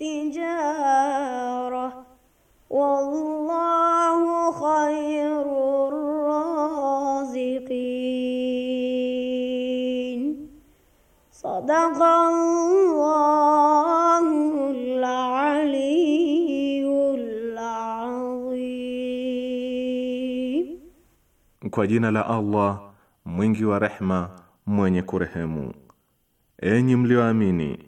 التجارة والله خير الرازقين صدق الله العلي العظيم kwa jina la Allah mwingi wa rehema mwenye kurehemu enyi mlioamini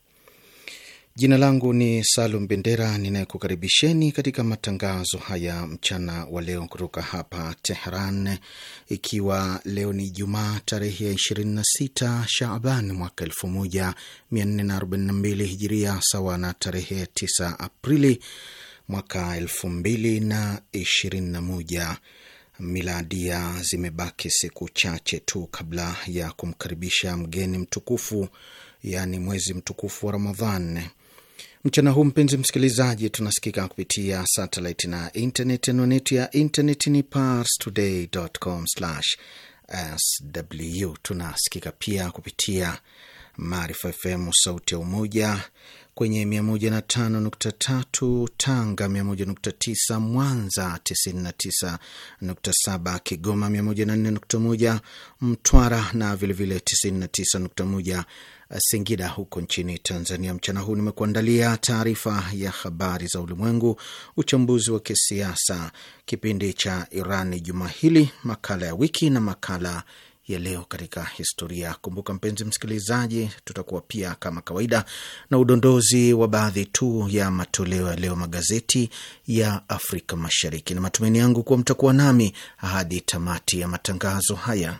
Jina langu ni Salum Bendera, ninayekukaribisheni katika matangazo haya mchana wa leo kutoka hapa Tehran, ikiwa leo ni Jumaa tarehe ya 26 Shaban mwaka 1442 Hijiria, sawa na tarehe 9 Aprili mwaka 2021 Miladia. Zimebaki siku chache tu kabla ya kumkaribisha mgeni mtukufu, yaani mwezi mtukufu wa Ramadhan. Mchana huu mpenzi msikilizaji, tunasikika kupitia satellite na internet. Anwani yetu ya internet ni parstoday.com/sw. Tunasikika pia kupitia Maarifa FM sauti ya Umoja kwenye 105.3 Tanga, 101.9 Mwanza, 99.7 Kigoma, 104.1 Mtwara na vilevile 99.1 Singida huko nchini Tanzania. Mchana huu nimekuandalia taarifa ya habari za ulimwengu, uchambuzi wa kisiasa, kipindi cha Iran juma hili, makala ya wiki na makala ya leo katika historia. Kumbuka mpenzi msikilizaji, tutakuwa pia kama kawaida na udondozi wa baadhi tu ya matoleo ya leo magazeti ya Afrika Mashariki, na matumaini yangu kuwa mtakuwa nami hadi tamati ya matangazo haya.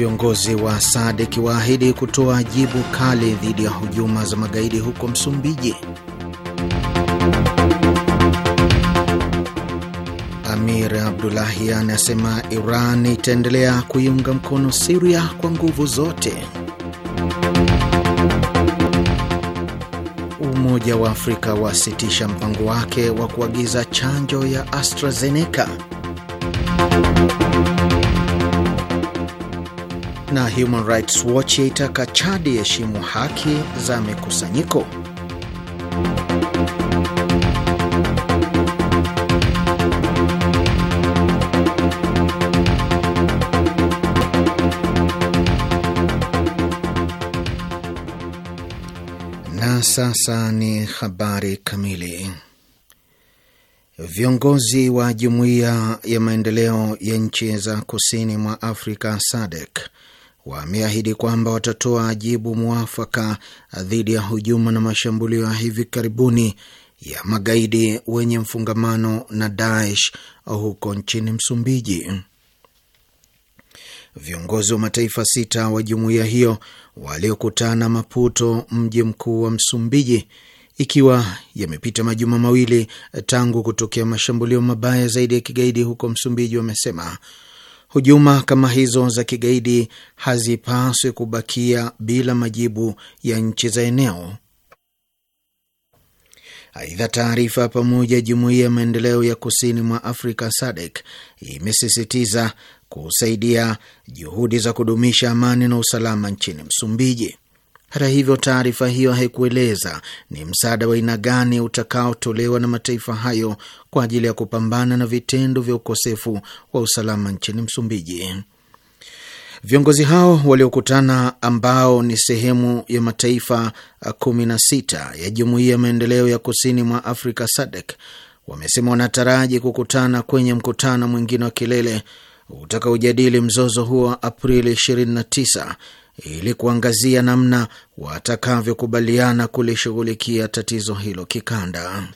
Viongozi wa SADC waahidi kutoa jibu kali dhidi ya hujuma za magaidi huko Msumbiji. Amir abdulahi anasema Iran itaendelea kuiunga mkono Siria kwa nguvu zote. Umoja wa Afrika wasitisha mpango wake wa kuagiza chanjo ya AstraZeneca na Human Rights Watch yaitaka Chadi heshimu haki za mikusanyiko. sasa ni habari kamili. Viongozi wa jumuiya ya maendeleo ya nchi za kusini mwa Afrika SADC wameahidi kwamba watatoa jibu mwafaka dhidi ya hujuma na mashambulio ya hivi karibuni ya magaidi wenye mfungamano na Daesh huko nchini Msumbiji. Viongozi wa mataifa sita wa jumuiya hiyo waliokutana Maputo, mji mkuu wa Msumbiji, ikiwa yamepita majuma mawili tangu kutokea mashambulio mabaya zaidi ya kigaidi huko Msumbiji, wamesema Hujuma kama hizo za kigaidi hazipaswi kubakia bila majibu ya nchi za eneo. Aidha, taarifa pamoja jumuiya ya maendeleo ya kusini mwa Afrika SADC imesisitiza kusaidia juhudi za kudumisha amani na usalama nchini Msumbiji. Hata hivyo, taarifa hiyo haikueleza ni msaada wa aina gani utakaotolewa na mataifa hayo kwa ajili ya kupambana na vitendo vya ukosefu wa usalama nchini Msumbiji. Viongozi hao waliokutana ambao ni sehemu ya mataifa 16 ya Jumuiya ya Maendeleo ya Kusini mwa Afrika SADC wamesema wanataraji kukutana kwenye mkutano mwingine wa kilele utakaojadili mzozo huo Aprili 29 ili kuangazia namna watakavyokubaliana kulishughulikia tatizo hilo kikanda.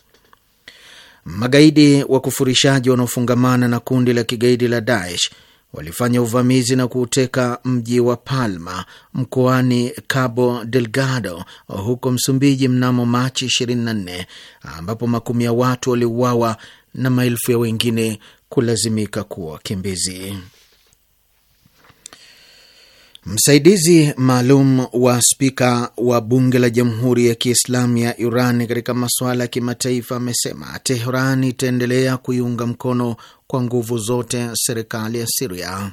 Magaidi wa kufurishaji wanaofungamana na kundi la kigaidi la Daesh walifanya uvamizi na kuuteka mji wa Palma mkoani Cabo Delgado huko Msumbiji mnamo Machi 24 ambapo makumi ya watu waliuawa na maelfu ya wengine kulazimika kuwa wakimbizi. Msaidizi maalum wa spika wa bunge la Jamhuri ya Kiislamu ya Iran katika masuala ya kimataifa amesema Tehran itaendelea kuiunga mkono kwa nguvu zote serikali ya Siria.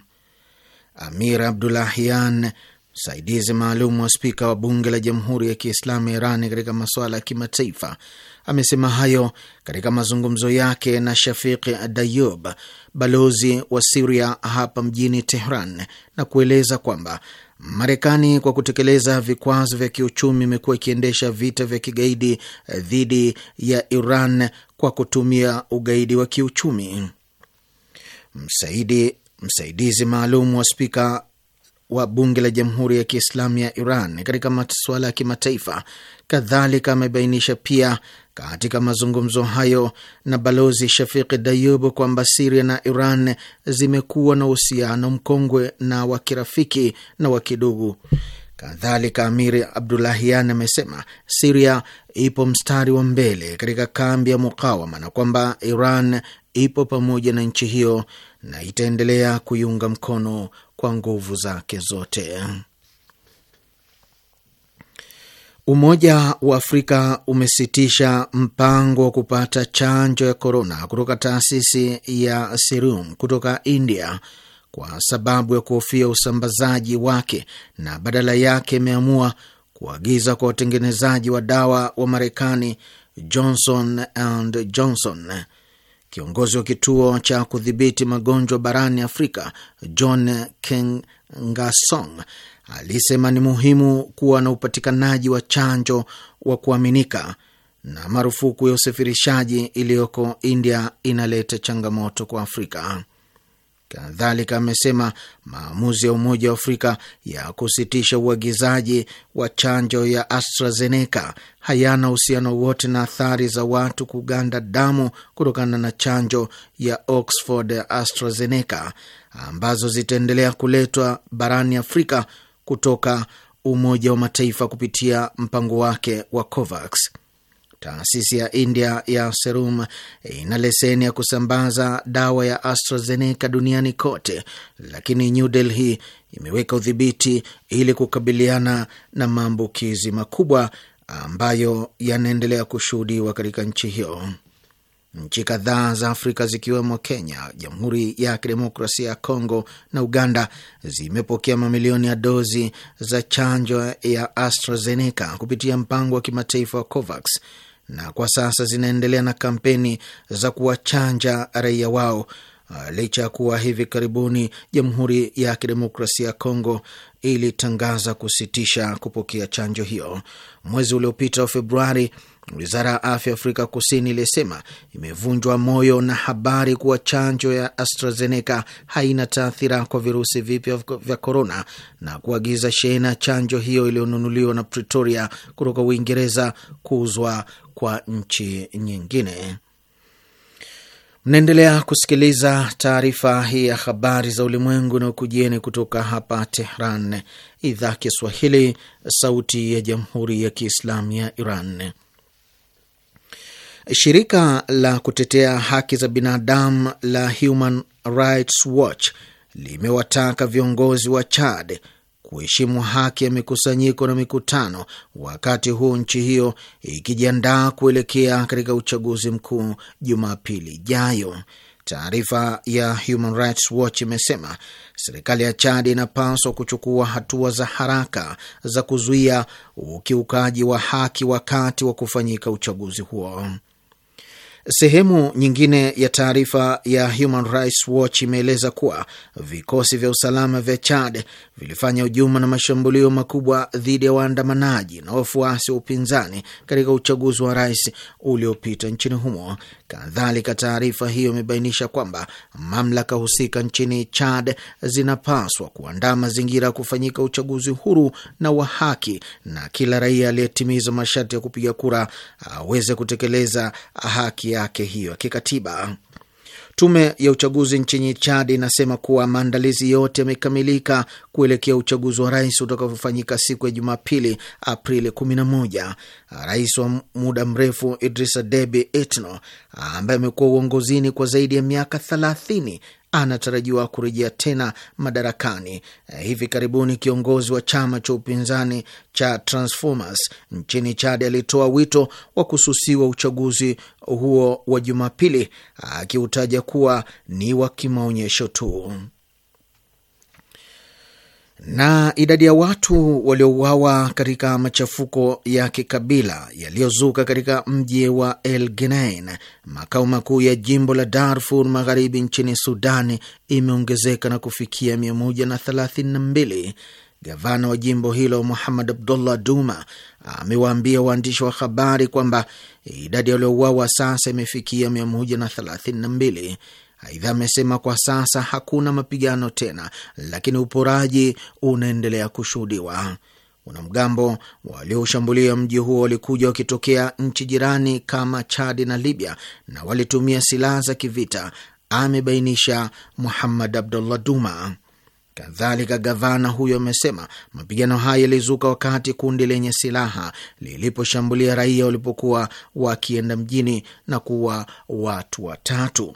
Amir Abdulahian, msaidizi maalum wa spika wa bunge la Jamhuri ya Kiislamu ya Iran katika masuala ya kimataifa, amesema hayo katika mazungumzo yake na Shafiq Dayub, balozi wa Siria hapa mjini Tehran na kueleza kwamba Marekani kwa kutekeleza vikwazo vya kiuchumi imekuwa ikiendesha vita vya kigaidi dhidi ya Iran kwa kutumia ugaidi wa kiuchumi. Msaidi, msaidizi maalum wa spika wa bunge la Jamhuri ya Kiislamu ya Iran katika masuala ya kimataifa. Kadhalika amebainisha pia katika mazungumzo hayo na Balozi Shafiq Dayub kwamba Siria na Iran zimekuwa na uhusiano mkongwe na wa kirafiki na wa kidugu. Kadhalika, Amiri Abdulahian amesema Siria ipo mstari wa mbele katika kambi ya mukawama na kwamba Iran ipo pamoja na nchi hiyo na itaendelea kuiunga mkono kwa nguvu zake zote. Umoja wa Afrika umesitisha mpango wa kupata chanjo ya korona kutoka taasisi ya Serum kutoka India kwa sababu ya kuhofia usambazaji wake na badala yake imeamua kuagiza kwa watengenezaji wa dawa wa Marekani Johnson and Johnson. Kiongozi wa kituo cha kudhibiti magonjwa barani Afrika John Kengasong alisema ni muhimu kuwa na upatikanaji wa chanjo wa kuaminika na marufuku ya usafirishaji iliyoko India inaleta changamoto kwa Afrika. Kadhalika amesema maamuzi ya Umoja wa Afrika ya kusitisha uagizaji wa chanjo ya AstraZeneca hayana uhusiano wote na athari za watu kuganda damu kutokana na chanjo ya Oxford ya AstraZeneca ambazo zitaendelea kuletwa barani Afrika kutoka Umoja wa Mataifa kupitia mpango wake wa COVAX. Taasisi ya India ya Serum ina leseni ya kusambaza dawa ya AstraZeneca duniani kote, lakini New Delhi imeweka udhibiti ili kukabiliana na maambukizi makubwa ambayo yanaendelea kushuhudiwa katika nchi hiyo. Nchi kadhaa za Afrika zikiwemo Kenya, Jamhuri ya Kidemokrasia ya Kongo na Uganda zimepokea mamilioni ya dozi za chanjo ya AstraZeneca kupitia mpango wa kimataifa wa COVAX na kwa sasa zinaendelea na kampeni za kuwachanja raia wao uh, licha ya kuwa hivi karibuni Jamhuri ya Kidemokrasia ya Kongo ilitangaza kusitisha kupokea chanjo hiyo. Mwezi uliopita wa Februari, wizara ya afya Afrika Kusini ilisema imevunjwa moyo na habari kuwa chanjo ya AstraZeneca haina taathira kwa virusi vipya vya korona na kuagiza shehena chanjo hiyo iliyonunuliwa na Pretoria kutoka Uingereza kuuzwa kwa nchi nyingine. Mnaendelea kusikiliza taarifa hii ya habari za ulimwengu na ukujieni kutoka hapa Tehran, idhaa Kiswahili, sauti ya jamhuri ya kiislamu ya Iran. Shirika la kutetea haki za binadamu la Human Rights Watch limewataka viongozi wa Chad kuheshimu haki ya mikusanyiko na mikutano, wakati huu nchi hiyo ikijiandaa kuelekea katika uchaguzi mkuu Jumapili ijayo. Taarifa ya Human Rights Watch imesema serikali ya Chad inapaswa kuchukua hatua za haraka za kuzuia ukiukaji wa haki wakati wa kufanyika uchaguzi huo. Sehemu nyingine ya taarifa ya Human Rights Watch imeeleza kuwa vikosi vya usalama vya Chad vilifanya hujuma na mashambulio makubwa dhidi ya waandamanaji na wafuasi wa upinzani katika uchaguzi wa rais uliopita nchini humo. Kadhalika, taarifa hiyo imebainisha kwamba mamlaka husika nchini Chad zinapaswa kuandaa mazingira ya kufanyika uchaguzi huru na wa haki, na kila raia aliyetimiza masharti ya kupiga kura aweze kutekeleza haki yake hiyo ya kikatiba. Tume ya uchaguzi nchini Chad inasema kuwa maandalizi yote yamekamilika kuelekea uchaguzi wa rais utakaofanyika siku ya Jumapili, Aprili 11. Rais wa muda mrefu Idrisa Debi Itno ambaye amekuwa uongozini kwa zaidi ya miaka 30 anatarajiwa kurejea tena madarakani eh, hivi karibuni. Kiongozi wa chama cha upinzani cha Transformers nchini Chad alitoa wito wa kususiwa uchaguzi huo wa Jumapili, akiutaja kuwa ni wa kimaonyesho tu. Na idadi ya watu waliouawa katika machafuko ya kikabila yaliyozuka katika mji wa El Genein, makao makuu ya jimbo la Darfur Magharibi nchini Sudani, imeongezeka na kufikia 132. Gavana wa jimbo hilo Muhammad Abdullah Duma amewaambia waandishi wa habari kwamba idadi ya waliouawa sasa imefikia 132. Aidha amesema kwa sasa hakuna mapigano tena, lakini uporaji unaendelea kushuhudiwa. Wanamgambo walioshambulia mji huo walikuja wakitokea nchi jirani kama Chadi na Libya na walitumia silaha za kivita, amebainisha Muhammad Abdullah Duma. Kadhalika, gavana huyo amesema mapigano haya yalizuka wakati kundi lenye silaha liliposhambulia raia walipokuwa wakienda mjini na kuua watu watatu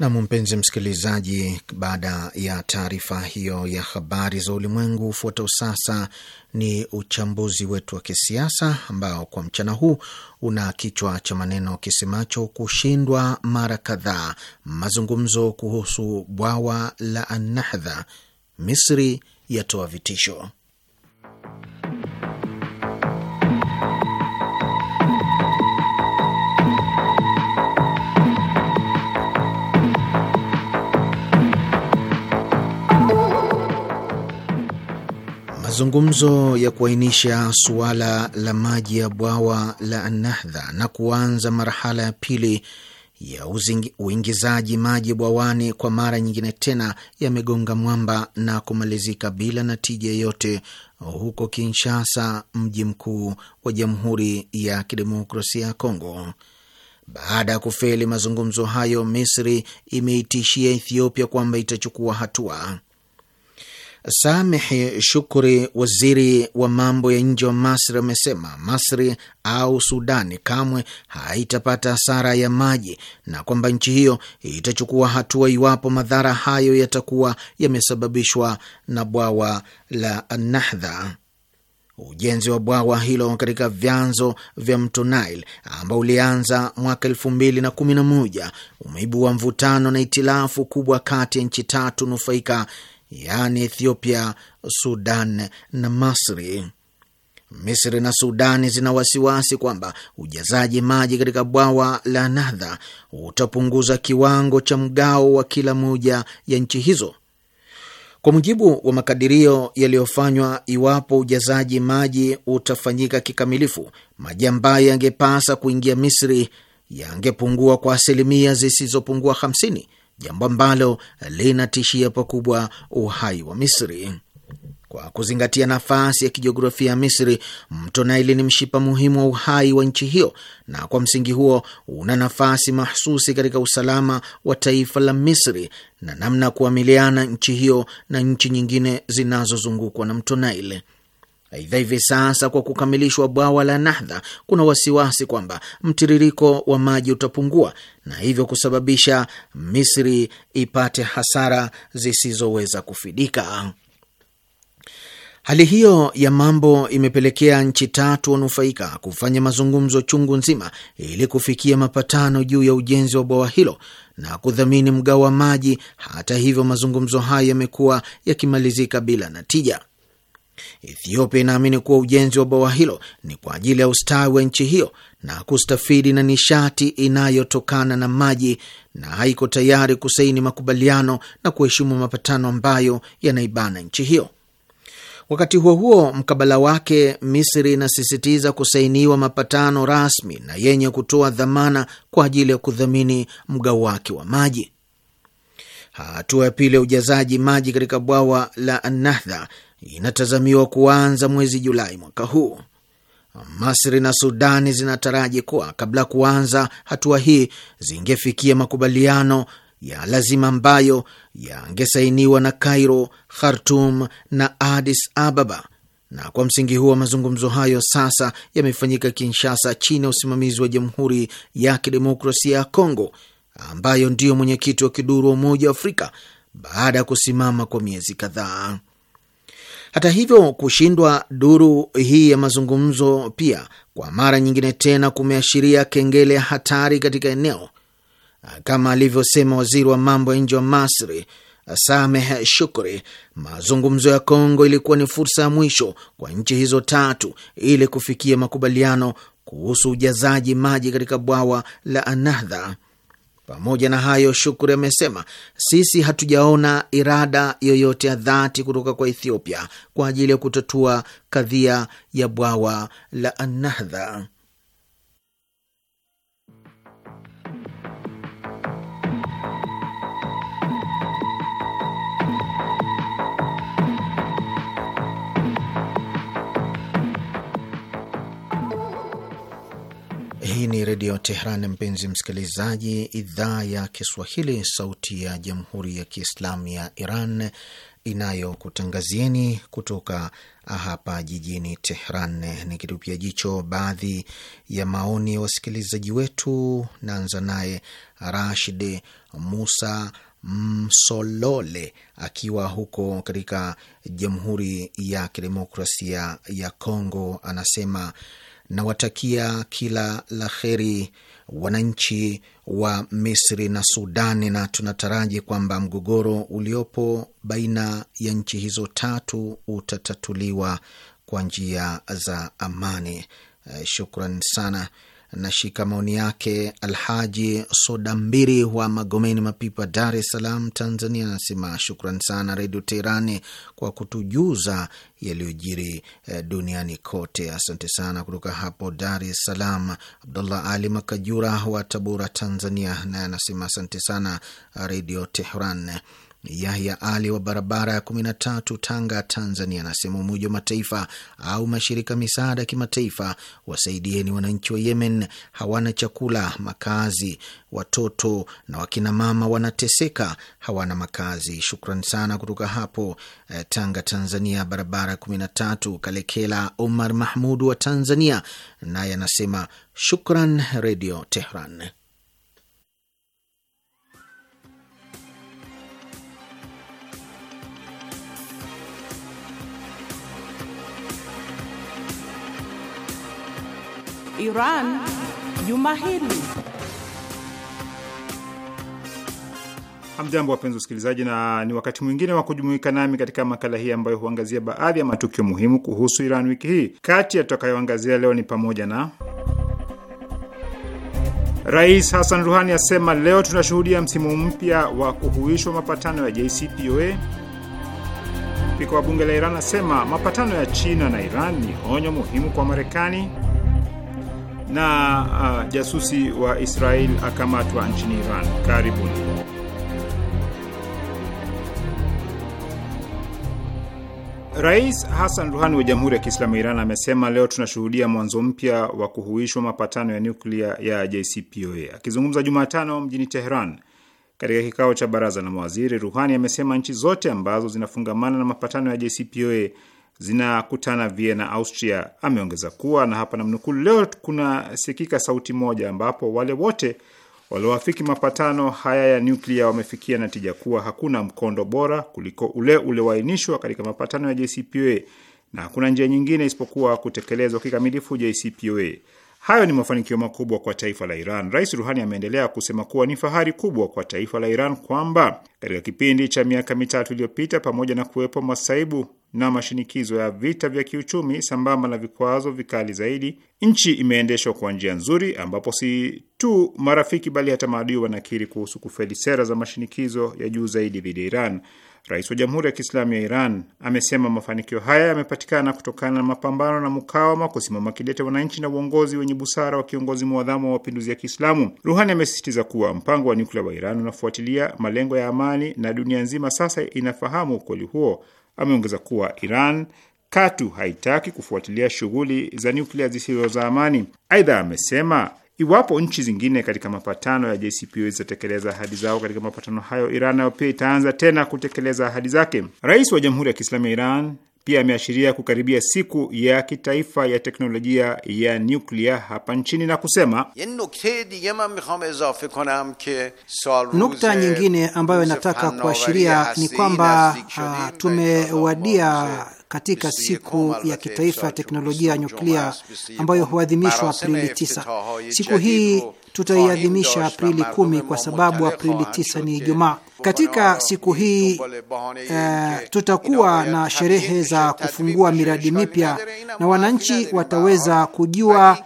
Nam, mpenzi msikilizaji, baada ya taarifa hiyo ya habari za ulimwengu, ufuatao sasa ni uchambuzi wetu wa kisiasa ambao kwa mchana huu una kichwa cha maneno kisemacho kushindwa mara kadhaa mazungumzo kuhusu bwawa la Annahdha, Misri yatoa vitisho. mazungumzo ya kuainisha suala la maji ya bwawa la nahdha na kuanza marhala ya pili ya uingizaji maji bwawani kwa mara nyingine tena yamegonga mwamba na kumalizika bila natija yoyote huko Kinshasa, mji mkuu wa Jamhuri ya Kidemokrasia ya Kongo. Baada ya kufeli mazungumzo hayo, Misri imeitishia Ethiopia kwamba itachukua hatua sameh Shukuri, waziri wa mambo ya nje wa Masri, amesema Masri au Sudani kamwe haitapata hasara ya maji na kwamba nchi hiyo itachukua hatua iwapo madhara hayo yatakuwa yamesababishwa na bwawa la Nahdha. Ujenzi wa bwawa hilo katika vyanzo vya mto Nile ambao ulianza mwaka elfu mbili na kumi na moja umeibua mvutano na itilafu kubwa kati ya nchi tatu nufaika yaani Ethiopia, Sudan na Masri. Misri na Sudani zina wasiwasi kwamba ujazaji maji katika bwawa la Nadha utapunguza kiwango cha mgao wa kila moja ya nchi hizo. Kwa mujibu wa makadirio yaliyofanywa, iwapo ujazaji maji utafanyika kikamilifu, maji ambayo yangepasa kuingia Misri yangepungua kwa asilimia zisizopungua jambo ambalo linatishia pakubwa uhai wa Misri. Kwa kuzingatia nafasi ya kijiografia ya Misri, mto Naili ni mshipa muhimu wa uhai wa nchi hiyo, na kwa msingi huo una nafasi mahsusi katika usalama wa taifa la Misri na namna ya kuamiliana nchi hiyo na nchi nyingine zinazozungukwa na mto Naili. Aidha, hivi sasa kwa kukamilishwa bwawa la Nahdha, kuna wasiwasi kwamba mtiririko wa maji utapungua na hivyo kusababisha Misri ipate hasara zisizoweza kufidika. Hali hiyo ya mambo imepelekea nchi tatu wanufaika kufanya mazungumzo chungu nzima ili kufikia mapatano juu ya ujenzi wa bwawa hilo na kudhamini mgao wa maji. Hata hivyo, mazungumzo hayo yamekuwa yakimalizika bila natija. Ethiopia inaamini kuwa ujenzi wa bwawa hilo ni kwa ajili ya ustawi wa nchi hiyo na kustafidi na nishati inayotokana na maji na haiko tayari kusaini makubaliano na kuheshimu mapatano ambayo yanaibana nchi hiyo. Wakati huo huo, mkabala wake, Misri inasisitiza kusainiwa mapatano rasmi na yenye kutoa dhamana kwa ajili ya kudhamini mgao wake wa maji. Hatua ya pili ya ujazaji maji katika bwawa la Nahdha inatazamiwa kuanza mwezi Julai mwaka huu. Masri na Sudani zinataraji kuwa kabla ya kuanza hatua hii zingefikia makubaliano ya lazima ambayo yangesainiwa na Cairo, Khartum na Addis Ababa, na kwa msingi huo mazungumzo hayo sasa yamefanyika Kinshasa chini ya usimamizi wa Jamhuri ya Kidemokrasia ya Kongo ambayo ndiyo mwenyekiti wa kiduru wa Umoja wa Afrika baada ya kusimama kwa miezi kadhaa. Hata hivyo, kushindwa duru hii ya mazungumzo pia kwa mara nyingine tena kumeashiria kengele ya hatari katika eneo, kama alivyosema waziri wa mambo ya nje wa Masri Sameh Shukri, mazungumzo ya Kongo ilikuwa ni fursa ya mwisho kwa nchi hizo tatu ili kufikia makubaliano kuhusu ujazaji maji katika bwawa la Anahdha. Pamoja na hayo, Shukuri amesema sisi hatujaona irada yoyote ya dhati kutoka kwa Ethiopia kwa ajili ya kutatua kadhia ya bwawa la annahdha Hii ni Redio Tehran, mpenzi msikilizaji, idhaa ya Kiswahili, sauti ya Jamhuri ya Kiislamu ya Iran inayokutangazieni kutoka hapa jijini Tehran. kitupia jicho baadhi ya maoni ya wasikilizaji wetu, naanza naye Rashid Musa Msolole akiwa huko katika Jamhuri ya Kidemokrasia ya Kongo, anasema nawatakia kila la kheri wananchi wa Misri na Sudani, na tunataraji kwamba mgogoro uliopo baina ya nchi hizo tatu utatatuliwa kwa njia za amani. Eh, shukran sana. Nashika maoni yake Alhaji Soda Mbiri wa Magomeni Mapipa, Dar es Salaam, Tanzania. Anasema shukran sana Redio Teherani kwa kutujuza yaliyojiri eh, duniani kote. Asante sana. Kutoka hapo Dar es Salaam, Abdullah Ali Makajura wa Tabora, Tanzania, naye anasema asante sana Redio Teheran. Yahya Ali wa barabara ya kumi na tatu, Tanga, Tanzania, anasema Umoja wa Mataifa au mashirika misaada ya kimataifa wasaidieni wananchi wa Yemen, hawana chakula, makazi, watoto na wakinamama wanateseka, hawana makazi. Shukran sana kutoka hapo eh, Tanga, Tanzania, barabara ya kumi na tatu. Kalekela Omar Mahmudu wa Tanzania naye anasema shukran Redio Tehran. Iran juma hili. Hamjambo, wapenzi wasikilizaji, na ni wakati mwingine wa kujumuika nami katika makala hii ambayo huangazia baadhi ya matukio muhimu kuhusu Iran wiki hii. Kati ya tutakayoangazia leo ni pamoja na Rais Hassan Ruhani asema leo tunashuhudia msimu mpya wa kuhuishwa mapatano ya JCPOA. Spika wa bunge la Iran asema mapatano ya China na Iran ni onyo muhimu kwa Marekani na uh, jasusi wa Israel akamatwa nchini Iran. Karibuni. Rais Hassan Ruhani wa Jamhuri ya Kiislamu ya Iran amesema leo tunashuhudia mwanzo mpya wa kuhuishwa mapatano ya nuklia ya JCPOA. Akizungumza Jumatano mjini Teheran katika kikao cha baraza la mawaziri, Ruhani amesema nchi zote ambazo zinafungamana na mapatano ya JCPOA zinakutana Vienna, Austria. Ameongeza kuwa na hapa namnukuu, leo kunasikika sauti moja ambapo wale wote walioafiki mapatano haya ya nyuklia wamefikia natija kuwa hakuna mkondo bora kuliko ule ulioainishwa katika mapatano ya JCPOA na hakuna njia nyingine isipokuwa kutekelezwa kikamilifu JCPOA. Hayo ni mafanikio makubwa kwa taifa la Iran. Rais Ruhani ameendelea kusema kuwa ni fahari kubwa kwa taifa la Iran kwamba katika kipindi cha miaka mitatu iliyopita, pamoja na kuwepo masaibu na mashinikizo ya vita vya kiuchumi sambamba na vikwazo vikali zaidi, nchi imeendeshwa kwa njia nzuri, ambapo si tu marafiki bali hata maadui wanakiri kuhusu kufeli sera za mashinikizo ya juu zaidi dhidi ya Iran. Rais wa Jamhuri ya Kiislamu ya Iran amesema mafanikio haya yamepatikana kutokana na mapambano na mukawama, kusimama kidete wananchi na uongozi wenye busara wa kiongozi mwadhamu wa mapinduzi ya Kiislamu. Ruhani amesisitiza kuwa mpango wa nyuklia wa Iran unafuatilia malengo ya amani na dunia nzima sasa inafahamu ukweli huo. Ameongeza kuwa Iran katu haitaki kufuatilia shughuli za nyuklia zisizo za amani. Aidha amesema Iwapo nchi zingine katika mapatano ya JCPOA zitatekeleza ahadi zao katika mapatano hayo, Iran nayo pia itaanza tena kutekeleza ahadi zake. Rais wa Jamhuri ya Kiislamu ya Iran pia ameashiria kukaribia siku ya kitaifa ya teknolojia ya nyuklia hapa nchini na kusema, nukta nyingine ambayo inataka kuashiria ni kwamba ah, tumewadia katika siku ya kitaifa ya teknolojia ya nyuklia ambayo huadhimishwa Aprili 9. Siku hii tutaiadhimisha Aprili 10 kwa sababu Aprili 9 ni Ijumaa. Katika siku hii uh, tutakuwa na sherehe za kufungua miradi mipya na wananchi wataweza kujua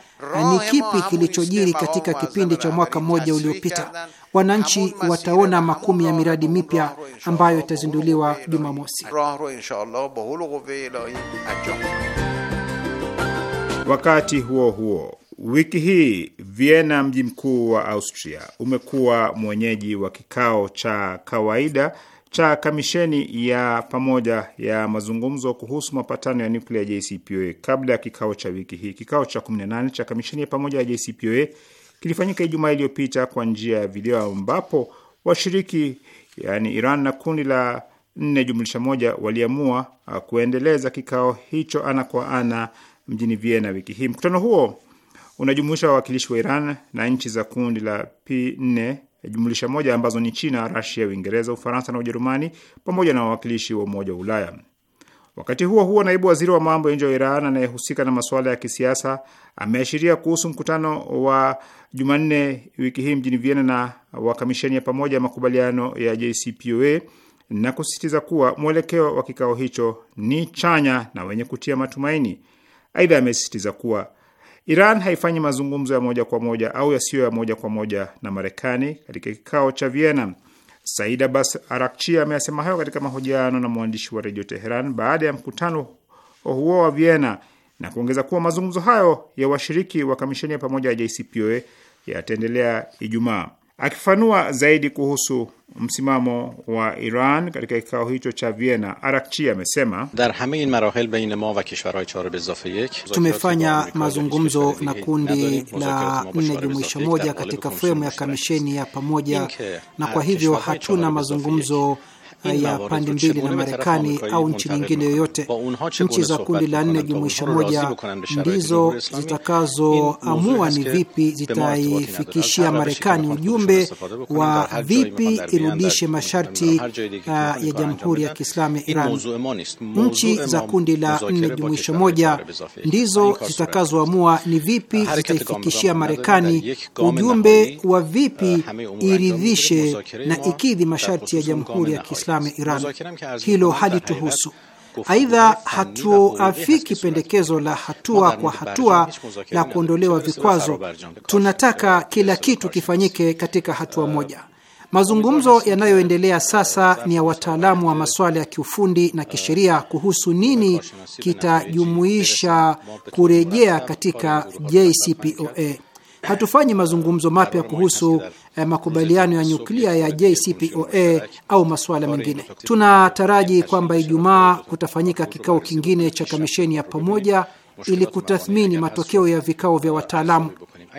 ni kipi kilichojiri katika kipindi cha mwaka mmoja uliopita wananchi wataona makumi ya miradi mipya ambayo itazinduliwa Jumamosi. Wakati huo huo, wiki hii Vienna, mji mkuu wa Austria, umekuwa mwenyeji wa kikao cha kawaida cha kamisheni ya pamoja ya mazungumzo kuhusu mapatano ya nuklia JCPOA. Kabla ya kikao cha wiki hii, kikao cha 18 cha kamisheni ya pamoja ya JCPOA kilifanyika Ijumaa iliyopita kwa njia ya video ambapo washiriki yani Iran na kundi la nne jumlisha moja waliamua uh, kuendeleza kikao hicho ana kwa ana mjini Vienna wiki hii. Mkutano huo unajumuisha wawakilishi wa Iran na nchi za kundi la P4 jumlisha moja ambazo ni China, Rasia, Uingereza, Ufaransa na Ujerumani pamoja na wawakilishi wa Umoja wa Ulaya. Wakati huo huo, naibu waziri wa mambo ya nje wa Iran anayehusika na masuala ya kisiasa ameashiria kuhusu mkutano wa Jumanne wiki hii mjini Vienna na wa kamisheni ya pamoja ya makubaliano ya JCPOA na kusisitiza kuwa mwelekeo wa kikao hicho ni chanya na wenye kutia matumaini. Aidha, amesisitiza kuwa Iran haifanyi mazungumzo ya moja kwa moja au yasiyo ya moja kwa moja na Marekani katika kikao cha Vienna. Said Abbas Arakchi ameyasema hayo katika mahojiano na mwandishi wa redio Teheran baada ya mkutano huo wa Vienna na kuongeza kuwa mazungumzo hayo ya washiriki wa kamisheni ya pamoja ya JCPOA yataendelea Ijumaa. Akifanua zaidi kuhusu msimamo wa Iran katika kikao hicho cha Vienna, Arakchi amesema tumefanya mazungumzo na kundi la nne jumuisho moja katika fremu ya kamisheni ya pamoja, na kwa hivyo hatuna mazungumzo ya pande mbili na Marekani au nchi nyingine yoyote. Nchi za kundi la nne jumuisha moja ndizo zitakazoamua ni vipi zitaifikishia Marekani ujumbe wa vipi irudishe masharti uh, ya Jamhuri ya Kiislamu ya Iran. Nchi za kundi la nne jumuisha moja ndizo zitakazoamua ni vipi zitaifikishia Marekani ujumbe wa vipi uh, iridhishe na ikidhi masharti ya Jamhuri ya Kiislamu Kiislamu ya Iran. Hilo halituhusu. Aidha, hatuafiki pendekezo la hatua kwa hatua la kuondolewa vikwazo. Tunataka kila kitu kifanyike katika uh, hatua moja. Mazungumzo yanayoendelea sasa ni ya wataalamu wa masuala ya kiufundi na uh, kisheria kuhusu nini kitajumuisha kurejea katika JCPOA hatufanyi mazungumzo mapya kuhusu eh, makubaliano ya nyuklia ya JCPOA au masuala mengine. Tunataraji kwamba Ijumaa kutafanyika kikao kingine cha kamisheni ya pamoja ili kutathmini matokeo ya vikao vya wataalamu.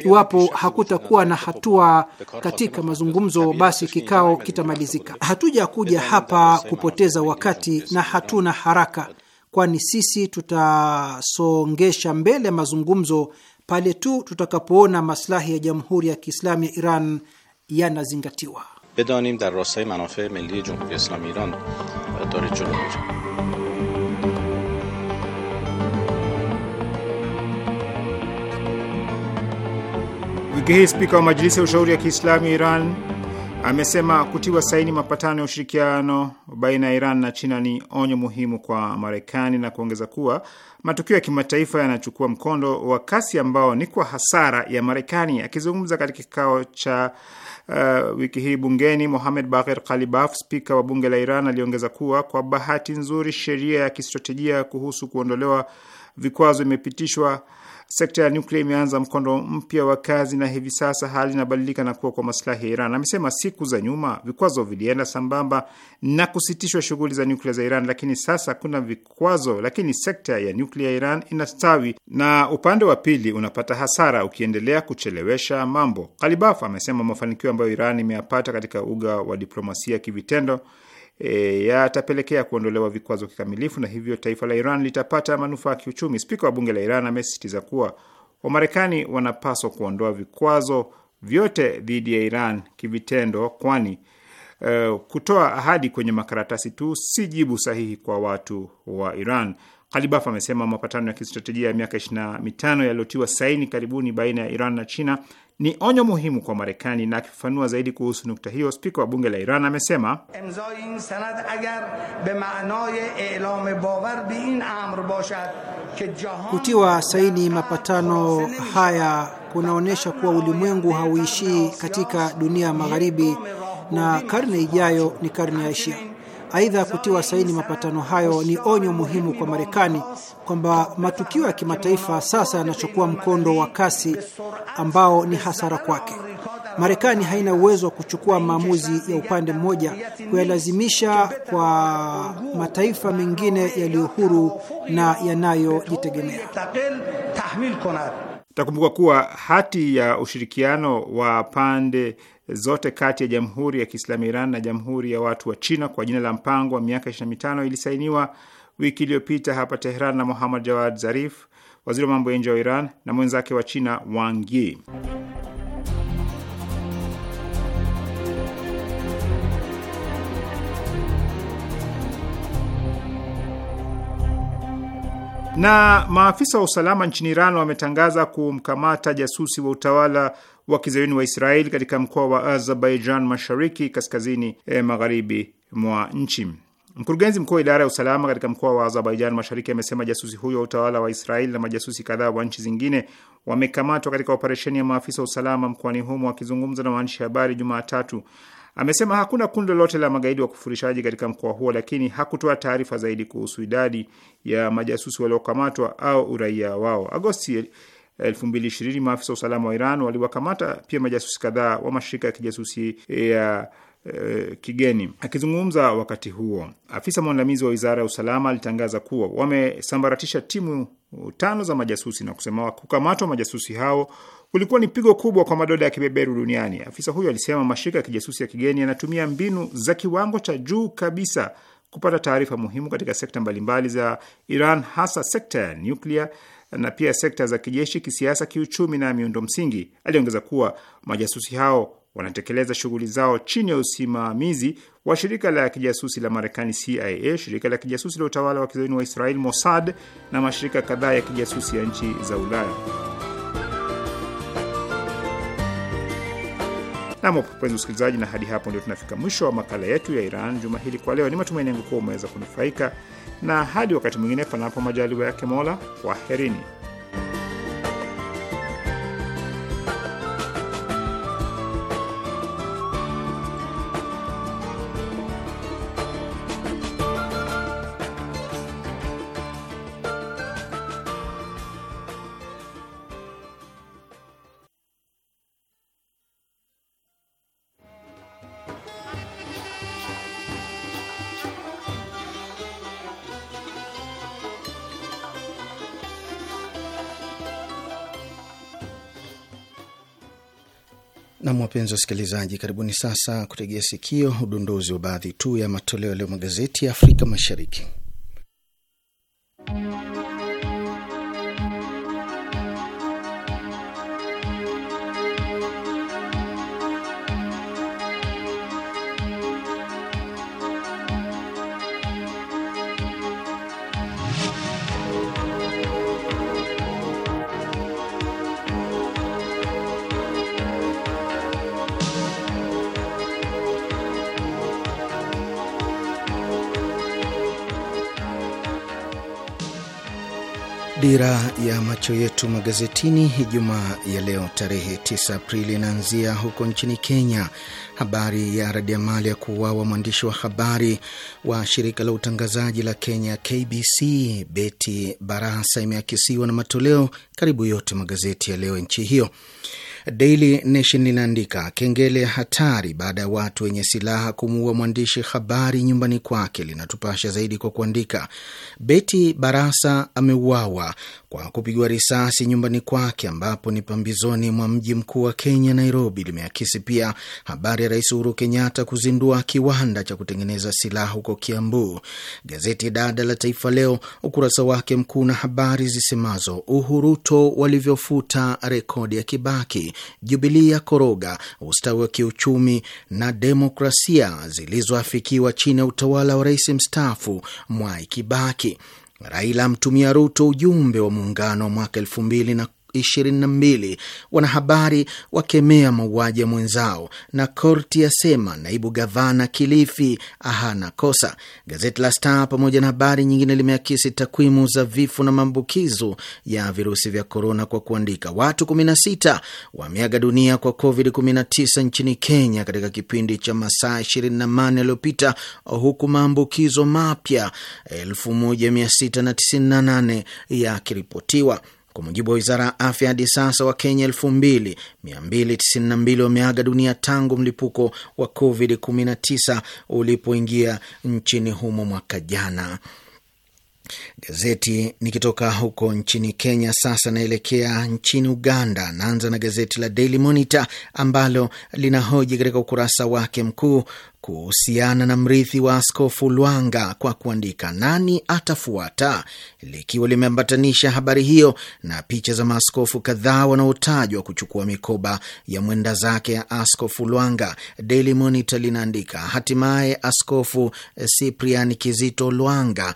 Iwapo hakutakuwa na hatua katika mazungumzo, basi kikao kitamalizika. Hatuja kuja hapa kupoteza wakati na hatuna haraka, kwani sisi tutasongesha mbele mazungumzo pale tu tutakapoona maslahi ya Jamhuri ya Kiislamu ya Iran yanazingatiwa. bedanim dar manafe milli jumhuri islami iran Wiki hii spika wa majlisi ya ushauri ya Kiislamu ya Iran amesema kutiwa saini mapatano ya ushirikiano baina ya Iran na China ni onyo muhimu kwa Marekani na kuongeza kuwa matukio ya kimataifa yanachukua mkondo wa kasi ambao ni kwa hasara ya Marekani. Akizungumza katika kikao cha uh, wiki hii bungeni, Mohamed Bagher Kalibaf, spika wa bunge la Iran, aliongeza kuwa kwa bahati nzuri sheria ya kistratejia kuhusu kuondolewa vikwazo imepitishwa sekta ya nyuklia imeanza mkondo mpya wa kazi na hivi sasa hali inabadilika na kuwa kwa masilahi ya Iran. Amesema siku za nyuma vikwazo vilienda sambamba na kusitishwa shughuli za nyuklia za Iran, lakini sasa kuna vikwazo, lakini sekta ya nyuklia ya Iran inastawi na upande wa pili unapata hasara ukiendelea kuchelewesha mambo. Kalibaf amesema mafanikio ambayo Iran imeyapata katika uga wa diplomasia kivitendo e, yatapelekea kuondolewa vikwazo kikamilifu na hivyo taifa la Iran litapata manufaa ya kiuchumi. Spika wa bunge la Iran amesisitiza kuwa Wamarekani wanapaswa kuondoa vikwazo vyote dhidi ya Iran kivitendo, kwani uh, kutoa ahadi kwenye makaratasi tu si jibu sahihi kwa watu wa Iran. Kalibaf amesema mapatano ya kistratejia ya miaka 25 yaliyotiwa saini karibuni baina ya Iran na China ni onyo muhimu kwa Marekani. Na akifafanua zaidi kuhusu nukta hiyo, spika wa bunge la Iran amesema kutiwa saini mapatano haya kunaonyesha kuwa ulimwengu hauishii katika dunia ya magharibi na karne ijayo ni karne ya Asia. Aidha, kutiwa saini mapatano hayo ni onyo muhimu kwa Marekani kwamba matukio ya kimataifa sasa yanachukua mkondo wa kasi ambao ni hasara kwake. Marekani haina uwezo wa kuchukua maamuzi ya upande mmoja, kuyalazimisha kwa mataifa mengine yaliyo huru na yanayojitegemea. Takumbuka kuwa hati ya ushirikiano wa pande zote kati ya Jamhuri ya Kiislamu Iran na Jamhuri ya Watu wa China kwa jina la mpango wa miaka 25 ilisainiwa wiki iliyopita hapa Tehran na Muhammad Jawad Zarif, waziri wa mambo ya nje wa Iran, na mwenzake wa China Wang Yi. Na maafisa wa usalama nchini Iran wametangaza kumkamata jasusi wa utawala wa kizayuni wa Israeli katika mkoa wa Azerbaijan Mashariki, kaskazini eh, magharibi mwa nchi. Mkurugenzi mkuu wa idara ya usalama katika mkoa wa Azerbaijan Mashariki amesema jasusi huyo wa utawala wa Israeli na majasusi kadhaa wa nchi zingine wamekamatwa katika operesheni ya maafisa wa usalama mkoani humo. Akizungumza na waandishi habari Jumatatu, amesema hakuna kundi lolote la magaidi wa kufurishaji katika mkoa huo, lakini hakutoa taarifa zaidi kuhusu idadi ya majasusi waliokamatwa au uraia wao. Agosti 2020 maafisa wa usalama wa Iran waliwakamata pia majasusi kadhaa wa mashirika ya kijasusi eh, ya e, kigeni. Akizungumza wakati huo, afisa mwandamizi wa wizara ya usalama alitangaza kuwa wamesambaratisha timu tano za majasusi na kusema kukamatwa majasusi hao kulikuwa ni pigo kubwa kwa madola ya kibeberu duniani. Afisa huyo alisema mashirika ya kijasusi ya kigeni yanatumia mbinu za kiwango cha juu kabisa kupata taarifa muhimu katika sekta mbalimbali za Iran, hasa sekta ya nyuklia na pia sekta za kijeshi, kisiasa, kiuchumi na miundo msingi. Aliongeza kuwa majasusi hao wanatekeleza shughuli zao chini ya usimamizi wa shirika la kijasusi la Marekani CIA, shirika la kijasusi la utawala wa kizayuni wa israel Mossad na mashirika kadhaa ya kijasusi ya nchi za Ulaya. Nam, wapenzi usikilizaji, na hadi hapo ndio tunafika mwisho wa makala yetu ya Iran juma hili kwa leo. Ni matumaini yangu kuwa umeweza kunufaika, na hadi wakati mwingine, panapo majaliwa yake Mola, kwaherini. Nam, wapenzi wa wasikilizaji, karibuni sasa kutegea sikio udondozi wa baadhi tu ya matoleo leo magazeti ya Afrika Mashariki. macho yetu magazetini Ijumaa ya leo tarehe 9 Aprili inaanzia huko nchini Kenya. Habari ya radiamali ya kuuawa mwandishi wa habari wa shirika la utangazaji la Kenya KBC Beti Barasa imeakisiwa na matoleo karibu yote magazeti ya leo nchi hiyo. Daily Nation linaandika kengele ya hatari baada ya watu wenye silaha kumuua mwandishi habari nyumbani kwake. Linatupasha zaidi kwa kuandika, Beti Barasa ameuawa kwa kupigwa risasi nyumbani kwake ambapo ni pambizoni mwa mji mkuu wa Kenya, Nairobi. Limeakisi pia habari ya Rais Uhuru Kenyatta kuzindua kiwanda cha kutengeneza silaha huko Kiambu. Gazeti dada la Taifa Leo ukurasa wake mkuu na habari zisemazo Uhuruto walivyofuta rekodi ya Kibaki, Jubilii ya koroga ustawi wa kiuchumi na demokrasia zilizoafikiwa chini ya utawala wa rais mstaafu Mwai Kibaki. Raila amtumia Ruto ujumbe wa muungano wa mwaka elfu mbili na 22. Wanahabari wakemea mauaji ya mwenzao, na korti yasema naibu gavana Kilifi ahana kosa. Gazeti la Star pamoja na habari nyingine limeakisi takwimu za vifo na maambukizo ya virusi vya korona kwa kuandika watu 16 wameaga dunia kwa COVID-19 nchini Kenya katika kipindi cha masaa 28 yaliyopita, huku maambukizo mapya 1698 yakiripotiwa. Kwa mujibu wa wizara ya afya, hadi sasa Wakenya 2292 wameaga dunia tangu mlipuko wa COVID-19 ulipoingia nchini humo mwaka jana gazeti nikitoka huko nchini Kenya. Sasa naelekea nchini Uganda. Naanza na gazeti la Daily Monitor ambalo linahoji katika ukurasa wake mkuu kuhusiana na mrithi wa askofu Lwanga kwa kuandika nani atafuata, likiwa limeambatanisha habari hiyo na picha za maaskofu kadhaa wanaotajwa kuchukua mikoba ya mwenda zake ya askofu Lwanga. Daily Monitor linaandika hatimaye askofu Cyprian Kizito Lwanga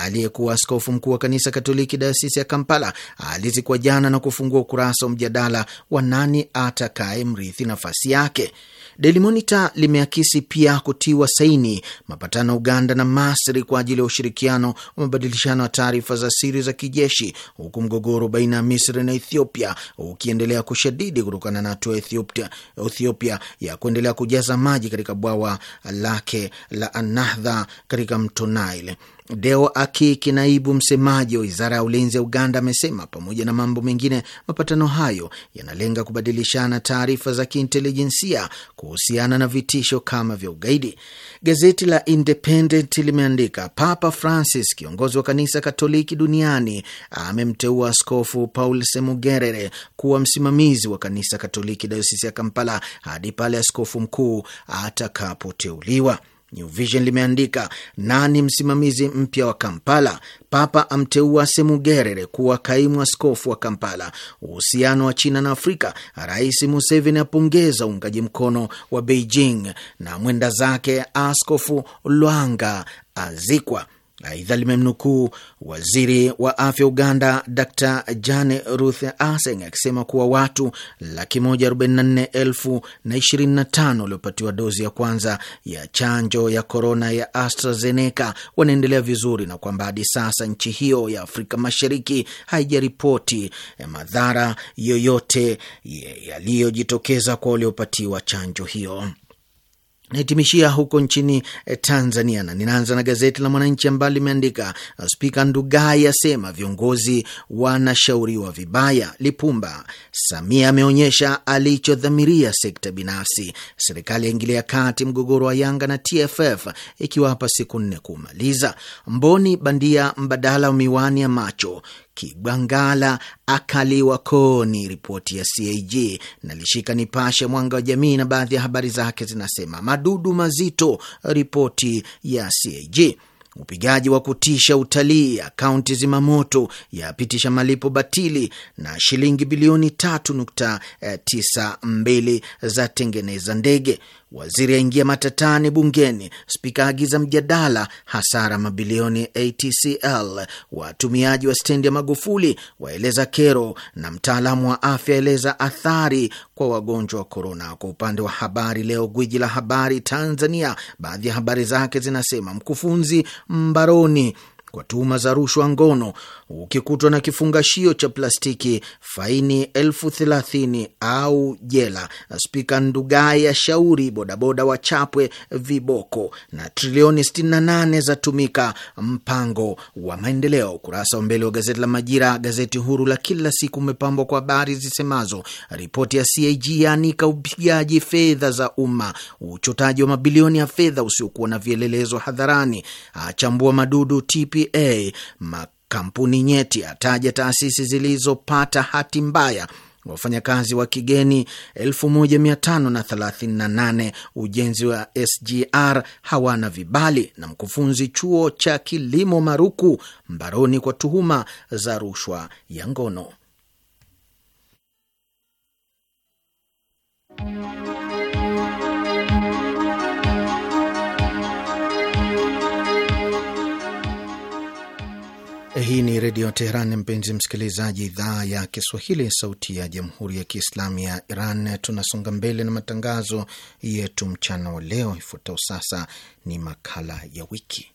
aliyekuwa Askofu mkuu wa kanisa Katoliki dayosisi ya Kampala alizikwa jana na kufungua ukurasa wa mjadala wa nani atakaye mrithi nafasi yake. Daily Monitor limeakisi pia kutiwa saini mapatano Uganda na Masri kwa ajili ya ushirikiano wa mabadilishano ya taarifa za siri za kijeshi, huku mgogoro baina ya Misri na Ethiopia ukiendelea kushadidi kutokana na hatua Ethiopia, Ethiopia ya kuendelea kujaza maji katika bwawa lake la Anahdha katika mto Nile. Deo Akiki, naibu msemaji wa wizara ya ulinzi ya Uganda, amesema pamoja na mambo mengine, mapatano hayo yanalenga kubadilishana taarifa za kiintelijensia kuhusiana na vitisho kama vya ugaidi. Gazeti la Independent limeandika Papa Francis, kiongozi wa kanisa Katoliki duniani, amemteua Askofu Paul Semugerere kuwa msimamizi wa kanisa Katoliki dayosisi ya Kampala hadi pale askofu mkuu atakapoteuliwa. New Vision limeandika nani msimamizi mpya wa Kampala? Papa amteua Semugerere kuwa kaimu askofu wa Kampala. Uhusiano wa China na Afrika, Rais Museveni apongeza uungaji mkono wa Beijing na mwenda zake Askofu Lwanga azikwa. Aidha, limemnukuu waziri wa afya Uganda Dr Jane Ruth Aseng akisema kuwa watu laki moja arobaini na nne elfu na ishirini na tano waliopatiwa dozi ya kwanza ya chanjo ya korona ya AstraZeneca wanaendelea vizuri na kwamba hadi sasa nchi hiyo ya Afrika Mashariki haijaripoti madhara yoyote yaliyojitokeza kwa waliopatiwa chanjo hiyo. Nahitimishia huko nchini eh, Tanzania na ninaanza na gazeti la Mwananchi ambalo limeandika Spika Ndugai asema viongozi wanashauriwa vibaya. Lipumba, Samia ameonyesha alichodhamiria sekta binafsi. Serikali yaingilia kati mgogoro wa Yanga na TFF ikiwapa siku nne kumaliza. Mboni bandia mbadala wa miwani ya macho. Kigwangala akaliwa koni. Ripoti ya CAG nalishika Nipashe, Mwanga wa Jamii na baadhi ya habari zake zinasema madudu mazito, ripoti ya CAG upigaji wa kutisha utalii, akaunti zimamoto yapitisha malipo batili, na shilingi bilioni 3.92 za tengeneza ndege. Waziri aingia matatani bungeni. Spika agiza mjadala. Hasara mabilioni ATCL. Watumiaji wa stendi ya Magufuli waeleza kero, na mtaalamu wa afya aeleza athari kwa wagonjwa wa korona. Kwa upande wa habari leo, gwiji la habari Tanzania, baadhi ya habari zake zinasema mkufunzi mbaroni kwa tuhuma za rushwa ngono, ukikutwa na kifungashio cha plastiki faini elfu thelathini au jela. Spika Ndugai ashauri bodaboda wachapwe viboko na trilioni 68 zatumika mpango wa maendeleo. Ukurasa wa mbele wa gazeti la Majira, gazeti huru la kila siku, umepambwa kwa habari zisemazo ripoti ya CAG yaanika upigaji fedha za umma, uchotaji wa mabilioni ya fedha usiokuwa na vielelezo hadharani, achambua madudu tipi PPA. Makampuni nyeti ataja taasisi zilizopata hati mbaya wafanyakazi wa kigeni 1538 ujenzi wa SGR hawana vibali, na mkufunzi chuo cha kilimo Maruku mbaroni kwa tuhuma za rushwa ya ngono. Hii ni Redio Teheran, mpenzi msikilizaji, idhaa ya Kiswahili, sauti ya jamhuri ya kiislamu ya Iran. Tunasonga mbele na matangazo yetu mchana wa leo. ifuatao sasa ni makala ya wiki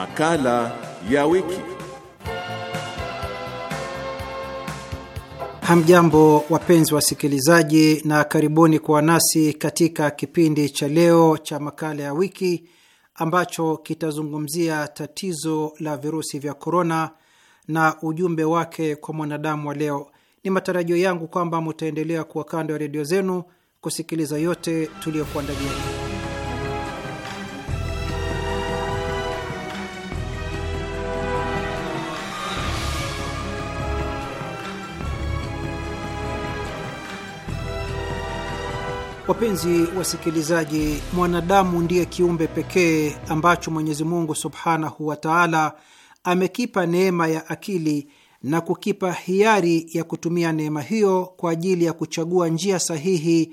Makala ya wiki. Hamjambo, wapenzi wasikilizaji, na karibuni kuwa nasi katika kipindi cha leo cha makala ya wiki ambacho kitazungumzia tatizo la virusi vya korona na ujumbe wake kwa mwanadamu wa leo. Ni matarajio yangu kwamba mutaendelea kuwa kando ya redio zenu kusikiliza yote tuliyokuandalia. Wapenzi wasikilizaji, mwanadamu ndiye kiumbe pekee ambacho Mwenyezi Mungu subhanahu wa taala amekipa neema ya akili na kukipa hiari ya kutumia neema hiyo kwa ajili ya kuchagua njia sahihi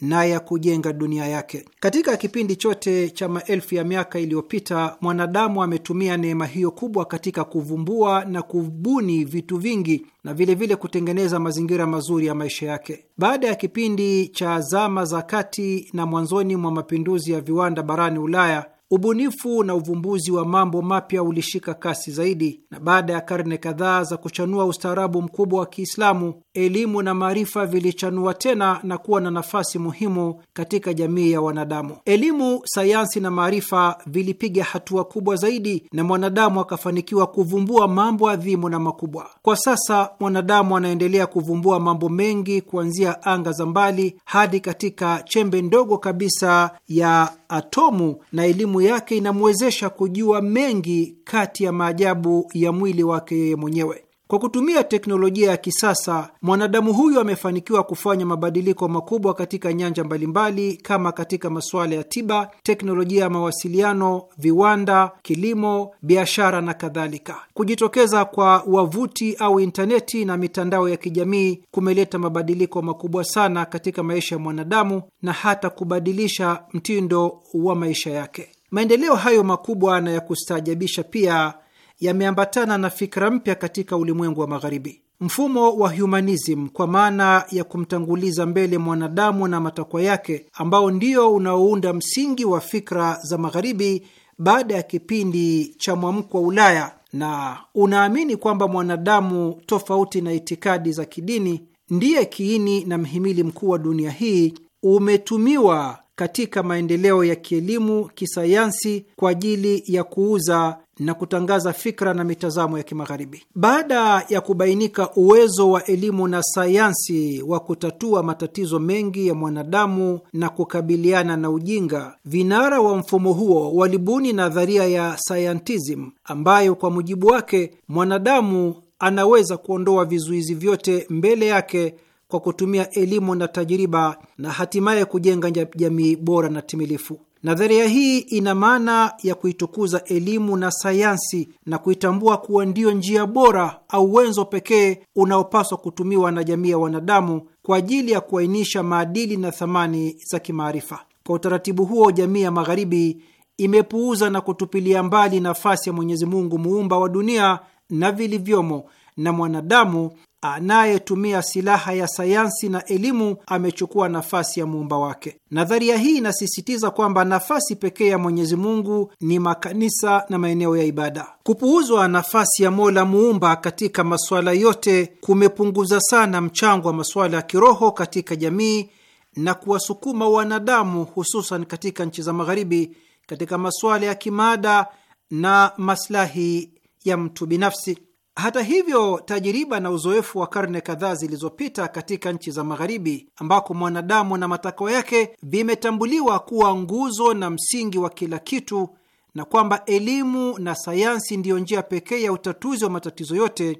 na ya kujenga dunia yake. Katika kipindi chote cha maelfu ya miaka iliyopita, mwanadamu ametumia neema hiyo kubwa katika kuvumbua na kubuni vitu vingi na vilevile vile kutengeneza mazingira mazuri ya maisha yake. Baada ya kipindi cha zama za kati na mwanzoni mwa mapinduzi ya viwanda barani Ulaya, ubunifu na uvumbuzi wa mambo mapya ulishika kasi zaidi, na baada ya karne kadhaa za kuchanua ustaarabu mkubwa wa Kiislamu, elimu na maarifa vilichanua tena na kuwa na nafasi muhimu katika jamii ya wanadamu. Elimu, sayansi na maarifa vilipiga hatua kubwa zaidi, na mwanadamu akafanikiwa kuvumbua mambo adhimu na makubwa. Kwa sasa mwanadamu anaendelea kuvumbua mambo mengi, kuanzia anga za mbali hadi katika chembe ndogo kabisa ya atomu na elimu yake inamwezesha kujua mengi kati ya maajabu ya mwili wake yeye mwenyewe. Kwa kutumia teknolojia ya kisasa, mwanadamu huyu amefanikiwa kufanya mabadiliko makubwa katika nyanja mbalimbali kama katika masuala ya tiba, teknolojia ya mawasiliano, viwanda, kilimo, biashara na kadhalika. Kujitokeza kwa wavuti au intaneti na mitandao ya kijamii kumeleta mabadiliko makubwa sana katika maisha ya mwanadamu na hata kubadilisha mtindo wa maisha yake. Maendeleo hayo makubwa na ya kustaajabisha pia yameambatana na fikra mpya katika ulimwengu wa Magharibi. Mfumo wa humanism kwa maana ya kumtanguliza mbele mwanadamu na matakwa yake, ambao ndio unaounda msingi wa fikra za Magharibi baada ya kipindi cha mwamko wa Ulaya, na unaamini kwamba mwanadamu, tofauti na itikadi za kidini, ndiye kiini na mhimili mkuu wa dunia hii, umetumiwa katika maendeleo ya kielimu, kisayansi, kwa ajili ya kuuza na kutangaza fikra na mitazamo ya Kimagharibi. Baada ya kubainika uwezo wa elimu na sayansi wa kutatua matatizo mengi ya mwanadamu na kukabiliana na ujinga, vinara wa mfumo huo walibuni nadharia ya scientism, ambayo kwa mujibu wake mwanadamu anaweza kuondoa vizuizi vyote mbele yake kwa kutumia elimu na tajiriba na hatimaye kujenga jamii bora na timilifu. Nadharia hii ina maana ya kuitukuza elimu na sayansi na kuitambua kuwa ndiyo njia bora au wenzo pekee unaopaswa kutumiwa na jamii ya wanadamu kwa ajili ya kuainisha maadili na thamani za kimaarifa. Kwa utaratibu huo, jamii ya Magharibi imepuuza na kutupilia mbali nafasi ya Mwenyezi Mungu muumba wa dunia na vilivyomo na mwanadamu anayetumia silaha ya sayansi na elimu amechukua nafasi ya muumba wake. Nadharia hii inasisitiza kwamba nafasi pekee ya Mwenyezi Mungu ni makanisa na maeneo ya ibada. Kupuuzwa nafasi ya Mola muumba katika masuala yote kumepunguza sana mchango wa masuala ya kiroho katika jamii na kuwasukuma wanadamu, hususan katika nchi za Magharibi, katika masuala ya kimaada na maslahi ya mtu binafsi. Hata hivyo, tajiriba na uzoefu wa karne kadhaa zilizopita katika nchi za Magharibi, ambako mwanadamu na matakwa yake vimetambuliwa kuwa nguzo na msingi wa kila kitu, na kwamba elimu na sayansi ndiyo njia pekee ya utatuzi wa matatizo yote,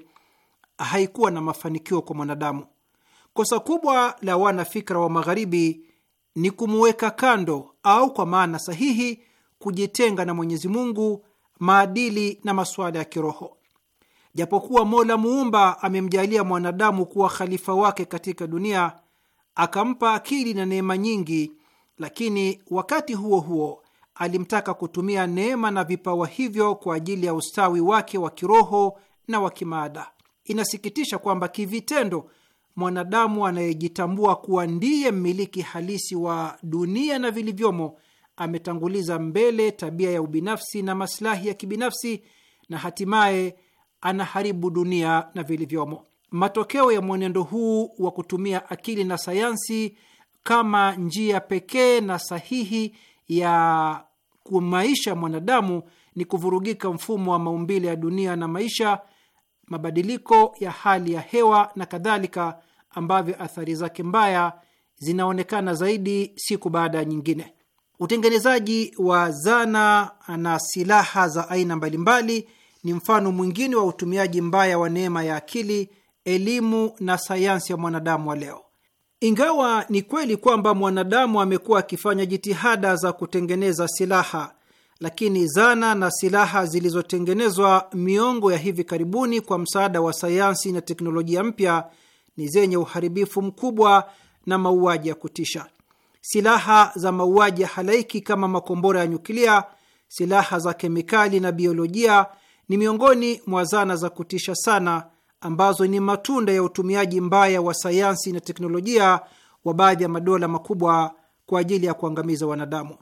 haikuwa na mafanikio kwa mwanadamu. Kosa kubwa la wanafikra wa Magharibi ni kumuweka kando au kwa maana sahihi, kujitenga na Mwenyezi Mungu, maadili na masuala ya kiroho. Japokuwa Mola muumba amemjalia mwanadamu kuwa khalifa wake katika dunia, akampa akili na neema nyingi, lakini wakati huo huo alimtaka kutumia neema na vipawa hivyo kwa ajili ya ustawi wake wa kiroho na wa kimaada. Inasikitisha kwamba kivitendo mwanadamu anayejitambua kuwa ndiye mmiliki halisi wa dunia na vilivyomo ametanguliza mbele tabia ya ubinafsi na masilahi ya kibinafsi na hatimaye anaharibu dunia na vilivyomo. Matokeo ya mwenendo huu wa kutumia akili na sayansi kama njia pekee na sahihi ya kumaisha mwanadamu ni kuvurugika mfumo wa maumbile ya dunia na maisha, mabadiliko ya hali ya hewa na kadhalika, ambavyo athari zake mbaya zinaonekana zaidi siku baada ya nyingine. Utengenezaji wa zana na silaha za aina mbalimbali ni mfano mwingine wa utumiaji mbaya wa neema ya akili, elimu na sayansi ya mwanadamu wa leo. Ingawa ni kweli kwamba mwanadamu amekuwa akifanya jitihada za kutengeneza silaha, lakini zana na silaha zilizotengenezwa miongo ya hivi karibuni kwa msaada wa sayansi na teknolojia mpya ni zenye uharibifu mkubwa na mauaji ya kutisha. Silaha za mauaji ya halaiki kama makombora ya nyuklia, silaha za kemikali na biolojia ni miongoni mwa zana za kutisha sana ambazo ni matunda ya utumiaji mbaya wa sayansi na teknolojia wa baadhi ya madola makubwa kwa ajili ya kuangamiza wanadamu.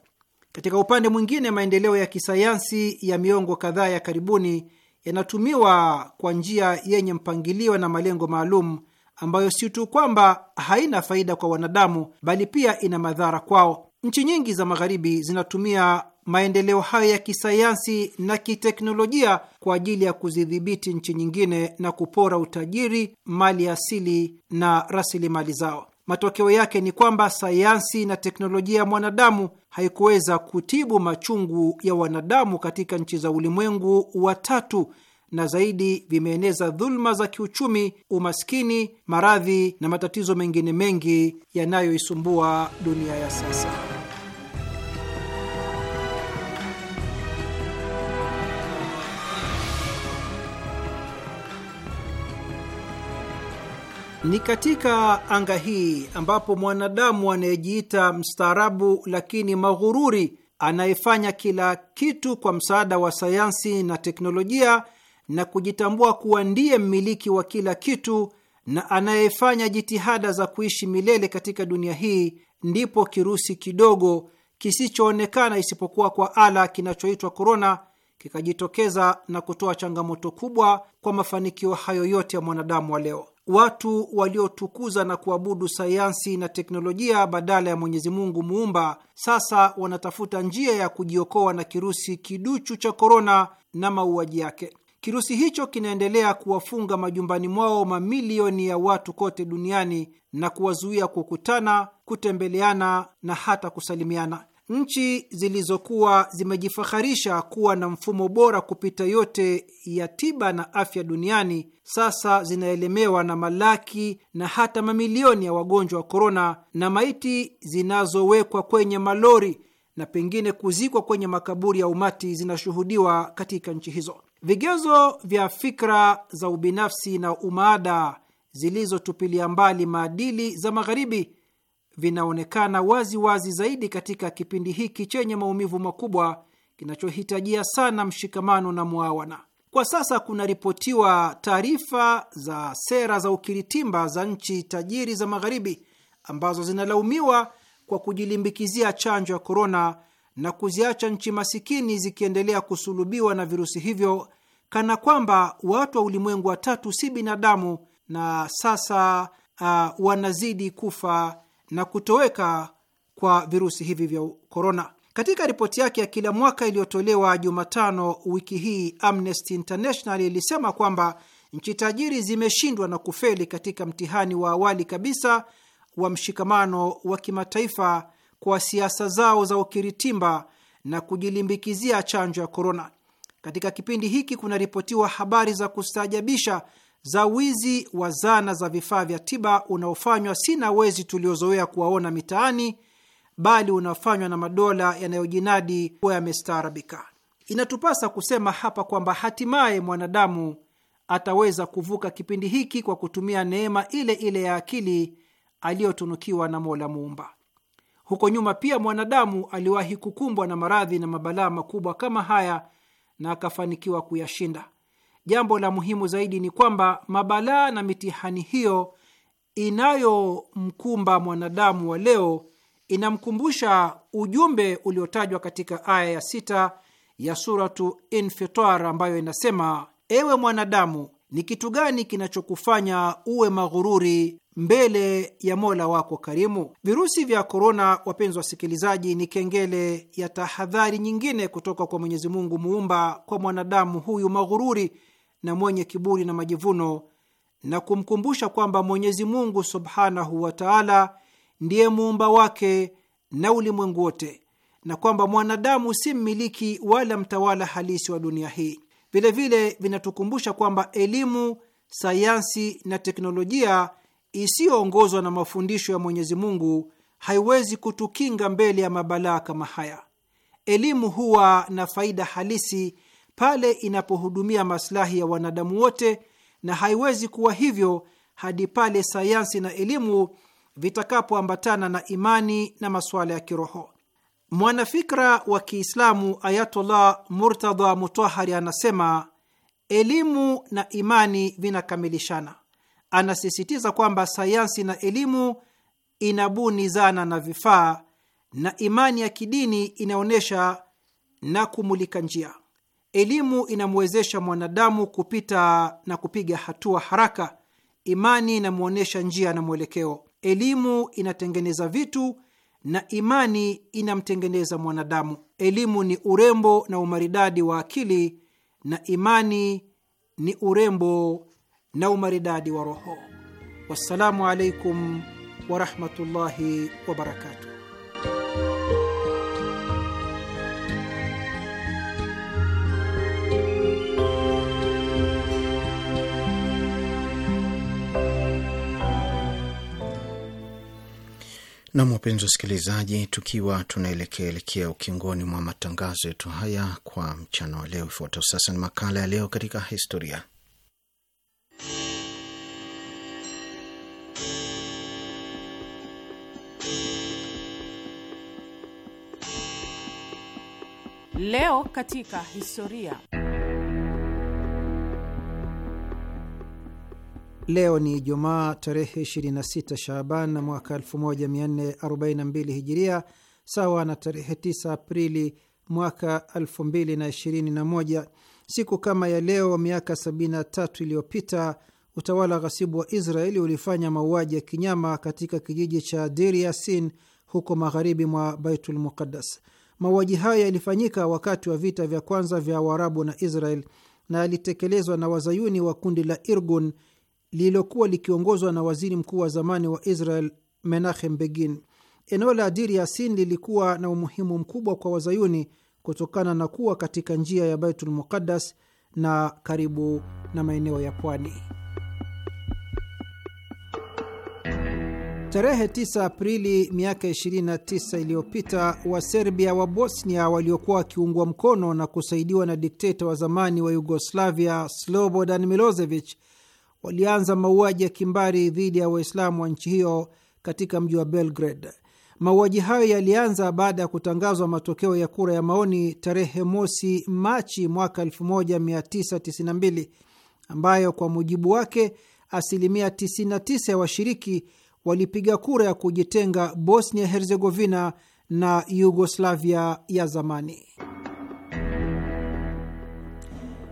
Katika upande mwingine, maendeleo ya kisayansi ya miongo kadhaa ya karibuni yanatumiwa kwa njia yenye mpangilio na malengo maalum ambayo si tu kwamba haina faida kwa wanadamu, bali pia ina madhara kwao. Nchi nyingi za Magharibi zinatumia maendeleo hayo ya kisayansi na kiteknolojia kwa ajili ya kuzidhibiti nchi nyingine na kupora utajiri, mali asili na rasilimali zao. Matokeo yake ni kwamba sayansi na teknolojia ya mwanadamu haikuweza kutibu machungu ya wanadamu katika nchi za ulimwengu wa tatu, na zaidi vimeeneza dhuluma za kiuchumi, umaskini, maradhi na matatizo mengine mengi yanayoisumbua dunia ya sasa. Ni katika anga hii ambapo mwanadamu anayejiita mstaarabu lakini maghururi, anayefanya kila kitu kwa msaada wa sayansi na teknolojia na kujitambua kuwa ndiye mmiliki wa kila kitu na anayefanya jitihada za kuishi milele katika dunia hii, ndipo kirusi kidogo kisichoonekana isipokuwa kwa ala kinachoitwa korona kikajitokeza na kutoa changamoto kubwa kwa mafanikio hayo yote ya mwanadamu wa leo watu waliotukuza na kuabudu sayansi na teknolojia badala ya Mwenyezi Mungu muumba sasa wanatafuta njia ya kujiokoa na kirusi kiduchu cha korona na mauaji yake. Kirusi hicho kinaendelea kuwafunga majumbani mwao mamilioni ya watu kote duniani na kuwazuia kukutana, kutembeleana na hata kusalimiana. Nchi zilizokuwa zimejifaharisha kuwa na mfumo bora kupita yote ya tiba na afya duniani sasa zinaelemewa na malaki na hata mamilioni ya wagonjwa wa korona na maiti zinazowekwa kwenye malori na pengine kuzikwa kwenye makaburi ya umati zinashuhudiwa katika nchi hizo. Vigezo vya fikra za ubinafsi na umaada zilizotupilia mbali maadili za Magharibi vinaonekana wazi wazi zaidi katika kipindi hiki chenye maumivu makubwa kinachohitajia sana mshikamano na mwawana. Kwa sasa kunaripotiwa taarifa za sera za ukiritimba za nchi tajiri za Magharibi ambazo zinalaumiwa kwa kujilimbikizia chanjo ya korona na kuziacha nchi masikini zikiendelea kusulubiwa na virusi hivyo, kana kwamba watu wa ulimwengu wa tatu si binadamu, na sasa uh, wanazidi kufa na kutoweka kwa virusi hivi vya korona. Katika ripoti yake ya kila mwaka iliyotolewa Jumatano wiki hii, Amnesty International ilisema kwamba nchi tajiri zimeshindwa na kufeli katika mtihani wa awali kabisa wa mshikamano wa kimataifa kwa siasa zao za ukiritimba na kujilimbikizia chanjo ya korona. Katika kipindi hiki kunaripotiwa habari za kustaajabisha za wizi wa zana za vifaa vya tiba unaofanywa si na wezi tuliozoea kuwaona mitaani, bali unafanywa na madola yanayojinadi kuwa yamestaarabika. Inatupasa kusema hapa kwamba hatimaye mwanadamu ataweza kuvuka kipindi hiki kwa kutumia neema ile ile ya akili aliyotunukiwa na Mola Muumba. Huko nyuma pia mwanadamu aliwahi kukumbwa na maradhi na mabalaa makubwa kama haya na akafanikiwa kuyashinda jambo la muhimu zaidi ni kwamba mabalaa na mitihani hiyo inayomkumba mwanadamu wa leo inamkumbusha ujumbe uliotajwa katika aya ya sita ya Suratu Infitar ambayo inasema: ewe mwanadamu, ni kitu gani kinachokufanya uwe maghururi mbele ya Mola wako karimu? Virusi vya korona, wapenzi wasikilizaji, ni kengele ya tahadhari nyingine kutoka kwa Mwenyezi Mungu muumba kwa mwanadamu huyu maghururi na mwenye kiburi na majivuno na kumkumbusha kwamba Mwenyezi Mungu subhanahu wa taala ndiye muumba wake na ulimwengu wote na kwamba mwanadamu si mmiliki wala mtawala halisi wa dunia hii. Vilevile vinatukumbusha kwamba elimu, sayansi na teknolojia isiyoongozwa na mafundisho ya Mwenyezi Mungu haiwezi kutukinga mbele ya mabalaa kama haya. Elimu huwa na faida halisi pale inapohudumia maslahi ya wanadamu wote, na haiwezi kuwa hivyo hadi pale sayansi na elimu vitakapoambatana na imani na masuala ya kiroho. Mwanafikra wa Kiislamu Ayatullah Murtadha Mutahari anasema elimu na imani vinakamilishana. Anasisitiza kwamba sayansi na elimu inabuni zana na vifaa, na imani ya kidini inaonyesha na kumulika njia. Elimu inamwezesha mwanadamu kupita na kupiga hatua haraka. Imani inamwonyesha njia na mwelekeo. Elimu inatengeneza vitu na imani inamtengeneza mwanadamu. Elimu ni urembo na umaridadi wa akili na imani ni urembo na umaridadi wa roho. Wassalamu alaikum warahmatullahi wabarakatuh. Nam, wapenzi wasikilizaji, tukiwa tunaelekeaelekea ukingoni mwa matangazo yetu haya kwa mchana wa leo, ifuata sasa ni makala ya leo katika historia. Leo katika historia Leo ni jumaa tarehe 26 Shaaban mwaka 1442 Hijiria, sawa na tarehe 9 Aprili mwaka 2021. Siku kama ya leo miaka 73 iliyopita utawala ghasibu wa Israeli ulifanya mauaji ya kinyama katika kijiji cha Dir Yasin huko magharibi mwa Baitul Muqaddas. Mauaji haya yalifanyika wakati wa vita vya kwanza vya Waarabu na Israel na yalitekelezwa na wazayuni wa kundi la Irgun lililokuwa likiongozwa na waziri mkuu wa zamani wa Israel Menachem Begin. Eneo la Dir Yasin lilikuwa na umuhimu mkubwa kwa Wazayuni kutokana na kuwa katika njia ya Baitul Muqaddas na karibu na maeneo ya pwani. Tarehe 9 Aprili miaka 29 iliyopita Waserbia wa Bosnia waliokuwa wakiungwa mkono na kusaidiwa na dikteta wa zamani wa Yugoslavia Slobodan Milosevic walianza mauaji ya kimbari dhidi ya Waislamu wa nchi hiyo katika mji wa Belgrade. Mauaji hayo yalianza baada ya kutangazwa matokeo ya kura ya maoni tarehe mosi Machi mwaka 1992 ambayo kwa mujibu wake asilimia 99 ya washiriki walipiga kura ya kujitenga Bosnia Herzegovina na Yugoslavia ya zamani.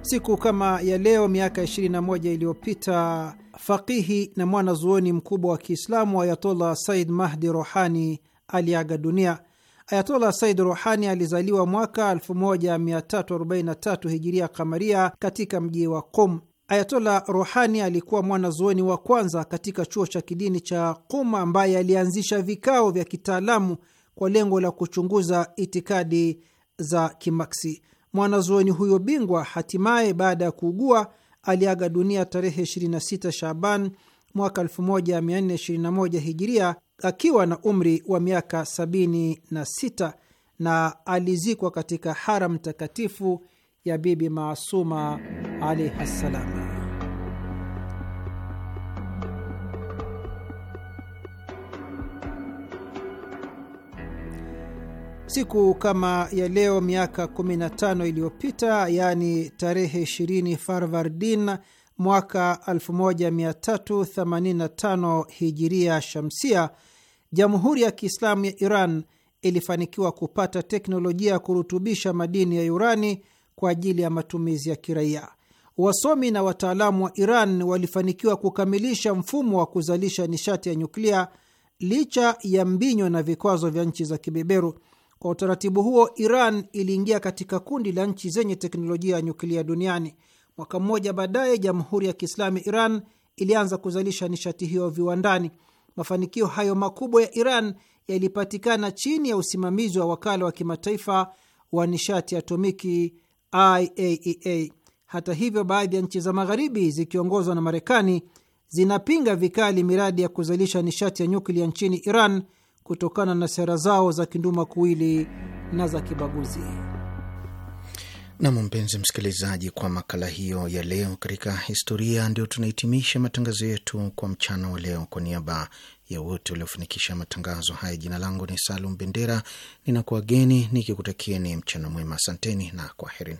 Siku kama ya leo miaka 21 iliyopita fakihi na mwanazuoni mkubwa wa Kiislamu Ayatollah Said Mahdi Rohani aliaga dunia. Ayatollah Said Rohani alizaliwa mwaka 1343 hijiria kamaria katika mji wa qum Ayatollah Rohani alikuwa mwanazuoni wa kwanza katika chuo cha kidini cha qum ambaye alianzisha vikao vya kitaalamu kwa lengo la kuchunguza itikadi za Kimaksi. Mwanazuoni huyo bingwa hatimaye baada ya kuugua aliaga dunia tarehe 26 Shaban mwaka 1421 hijiria akiwa na umri wa miaka 76 na alizikwa katika haram takatifu ya Bibi Maasuma alaihi ssalam. Siku kama ya leo miaka 15 iliyopita, yaani tarehe 20 Farvardin mwaka 1385 hijiria shamsia, Jamhuri ya Kiislamu ya Iran ilifanikiwa kupata teknolojia ya kurutubisha madini ya urani kwa ajili ya matumizi ya kiraia. Wasomi na wataalamu wa Iran walifanikiwa kukamilisha mfumo wa kuzalisha nishati ya nyuklia licha ya mbinyo na vikwazo vya nchi za kibeberu. Kwa utaratibu huo, Iran iliingia katika kundi la nchi zenye teknolojia ya nyuklia duniani. Mwaka mmoja baadaye, Jamhuri ya Kiislamu Iran ilianza kuzalisha nishati hiyo viwandani. Mafanikio hayo makubwa ya Iran yalipatikana chini ya usimamizi wa wakala wa kimataifa wa nishati atomiki IAEA. E Hata hivyo, baadhi ya nchi za Magharibi zikiongozwa na Marekani zinapinga vikali miradi ya kuzalisha nishati ya nyuklia nchini Iran kutokana na sera zao za kinduma kuwili na za kibaguzi. Nam, mpenzi msikilizaji, kwa makala hiyo ya leo katika historia, ndio tunahitimisha matangazo yetu kwa mchana wa leo. Kwa niaba ya wote waliofanikisha matangazo haya, jina langu ni Salum Bendera, ninakuwageni nikikutakieni mchana mwema. Asanteni na kwaherini.